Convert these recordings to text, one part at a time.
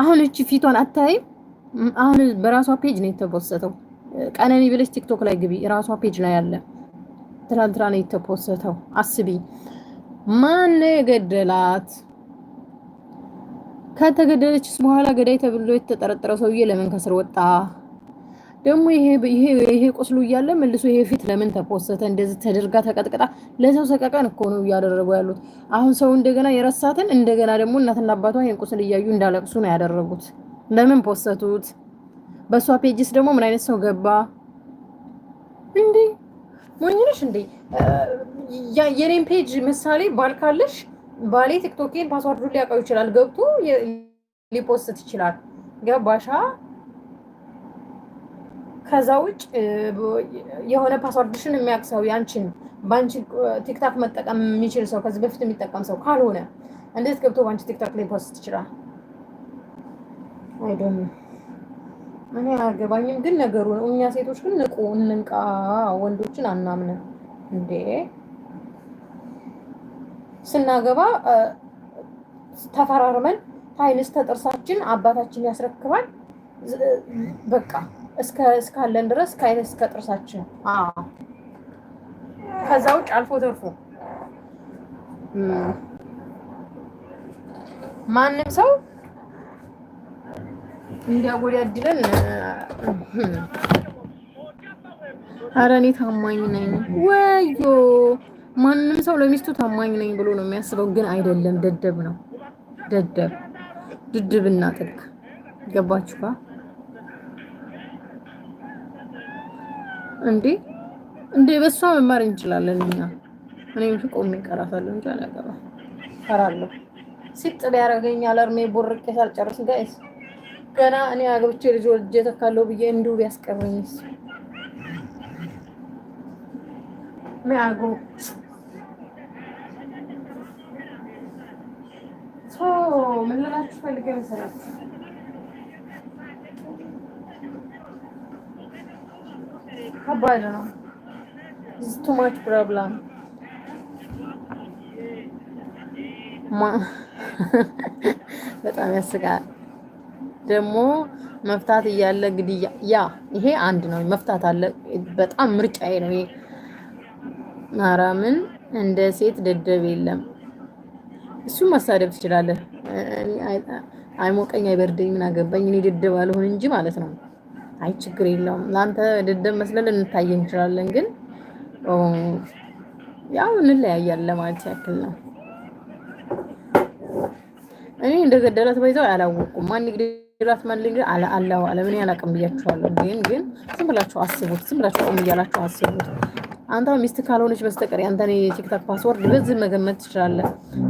አሁን እቺ ፊቷን አታይም። አሁን በራሷ ፔጅ ነው የተፖሰተው። ቀነኒ ብለሽ ቲክቶክ ላይ ግቢ፣ ራሷ ፔጅ ላይ አለ። ትናንትና ነው የተፖሰተው። አስቢ፣ ማን ነው የገደላት? ከተገደለችስ በኋላ ገዳይ ተብሎ የተጠረጠረው ሰውዬ ለምን ከስር ወጣ? ደግሞ ይሄ ቁስሉ እያለ መልሶ ይሄ ፊት ለምን ተፖሰተ? እንደዚህ ተደርጋ ተቀጥቅጣ ለሰው ሰቀቀን እኮ ነው እያደረጉ ያሉት። አሁን ሰው እንደገና የረሳትን እንደገና ደግሞ እናትና አባቷ ይሄን ቁስል እያዩ እንዳለቅሱ ነው ያደረጉት። ለምን ፖሰቱት? በእሷ ፔጅስ ደግሞ ምን አይነት ሰው ገባ እንዴ? ሞኝነሽ እንዴ? የኔን ፔጅ ምሳሌ ባል ካለሽ ባሌ ቲክቶኬን ፓስዋርዱን ሊያውቀው ይችላል፣ ገብቶ ሊፖስት ይችላል። ገባሻ? ከዛ ውጭ የሆነ ፓስዋርድሽን የሚያውቅ ሰው ያንቺን በአንቺ ቲክታክ መጠቀም የሚችል ሰው ከዚህ በፊት የሚጠቀም ሰው ካልሆነ እንዴት ገብቶ በአንቺ ቲክታክ ላይ ፖስት ይችላል? አይደም እኔ አያገባኝም። ግን ነገሩ እኛ ሴቶች ግን ንቁ እንንቃ፣ ወንዶችን አናምን እንዴ። ስናገባ ተፈራርመን ታይንስ ተጥርሳችን አባታችን ያስረክባል በቃ እስካለን ድረስ ከአይነት እስከ ጥርሳችን ከዛ ውጭ አልፎ ተርፎ ማንም ሰው እንዲያጎዳድለን። አረ እኔ ታማኝ ነኝ ወዮ። ማንም ሰው ለሚስቱ ታማኝ ነኝ ብሎ ነው የሚያስበው፣ ግን አይደለም። ደደብ ነው ደደብ ድድብና ጥልቅ ገባችኋ እንዴ እንዴ በሷ መማር እንችላለን እኛ። እኔም ቆሜ እቀራታለሁ እንጂ አላገባም እቀራለሁ። ሲጥ ቢያደርገኛል እርሜ ቦርቄ ሳልጨርስ ጋይስ ገና እኔ አገብቼ ልጅ ወልጄ ተካለሁ ብዬ እንዲሁ ቢያስቀረኝስ ሚያጎ ምን ልላችሁ ፈልጌ መሰላችሁ ከባድ ነው። ቱማች ፕሮብለም በጣም ያስቃል። ደግሞ መፍታት እያለ ግድያ ያ ይሄ አንድ ነው። መፍታት አለ። በጣም ምርጫዬ ነው ይሄ። እንደ ሴት ደደብ የለም። እሱ መሳደብ ትችላለህ። አይሞቀኝ አይበርደኝ ምን አገባኝ እኔ ደደብ አልሆን እንጂ ማለት ነው። አይ ችግር የለውም ለአንተ ድድብ መስለን እንታየ እንችላለን፣ ግን ያው እንለያያለን ለማለት ያክል ነው። እኔ እንደገደላት ባይዘው አላወቁም። ማን ግራት ማን ልግ አለምን አላቅም ብያችኋለሁ። ግን ግን ዝም ብላችሁ አስቡት፣ ዝም ብላችሁ ቆም እያላችሁ አስቡት። አንተ ሚስት ካልሆነች በስተቀር ያንተን የቲክቶክ ፓስወርድ በዚህ መገመት ትችላለህ።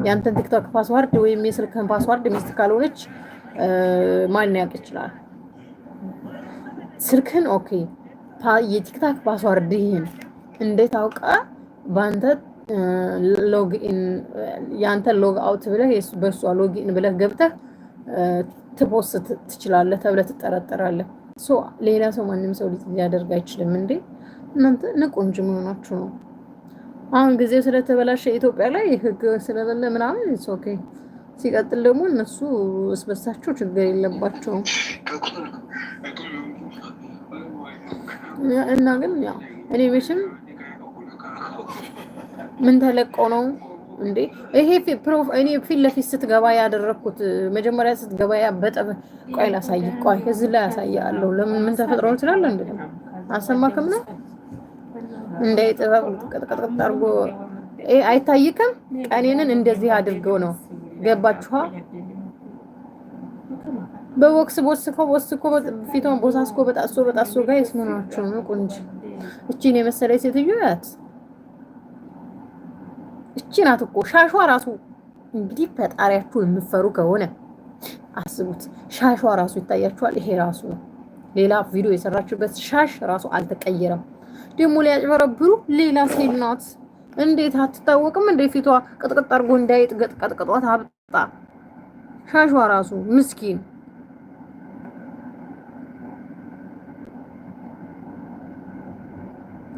ያንተን ቲክቶክ ፓስወርድ ወይም የስልክን ፓስወርድ ሚስት ካልሆነች ማን ያውቅ ይችላል? ስልክህን ኦኬ፣ የቲክታክ ፓስዋርድ ይህን እንዴት አውቃ በአንተ ሎግኢን የአንተ ሎግ አውት ብለህ በእሷ ሎግኢን ብለህ ገብተህ ትፖስት ትችላለህ ተብለህ ትጠረጠራለህ። ሌላ ሰው ማንም ሰው ሊያደርግ አይችልም እንዴ! እናንተ ንቁ እንጂ መሆናችሁ ነው። አሁን ጊዜው ስለተበላሸ ኢትዮጵያ ላይ ህግ ስለሌለ ምናምን ኦኬ። ሲቀጥል ደግሞ እነሱ እስበሳቸው ችግር የለባቸውም። እና ግን ያው እኔ መቼም ምን ተለቆ ነው እንዴ ይሄ ፕሮፍ እኔ ፊት ለፊት ስትገባ ያደረግኩት መጀመሪያ ስትገባ ያበጠ ቆይ ላሳይ ቆይ እዚህ ላይ ያሳያለሁ ለምን ምን ተፈጥሮ ነው ትላለህ እንዴ አሰማክም ነው እንደ ጥበብ ቅጥቅጥ አድርጎ አይታይክም ቀኔንን እንደዚህ አድርገው ነው ገባችኋ በቦክስ ቦስኮ ቦስኮ ፊቷን ቦሳስኮ በጣሶ በጣሶ ጋር የስመናቸው ነው። ቆንጆ እቺን የመሰለ ሴትዮ ያት እቺ ናት እኮ ሻሿ ራሱ እንግዲህ ፈጣሪያችሁ የምፈሩ ከሆነ አስቡት። ሻሿ ራሱ ይታያችኋል። ይሄ ራሱ ነው። ሌላ ቪዲዮ የሰራችበት ሻሽ ራሱ አልተቀየረም። ደግሞ ሊያጭበረብሩ ሌላ ሴት ናት። እንዴት አትታወቅም? እንደ ፊቷ ቅጥቅጥ አርጎ እንዳይጥ ገጥቀጥቅጧት አብጣ ሻሿ ራሱ ምስኪን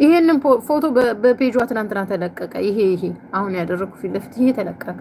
ይሄንን ፎቶ በፔጇ ትናንትና ተለቀቀ። ይሄ ይሄ አሁን ያደረግኩ ፊት ለፊት ይሄ ተለቀቀ።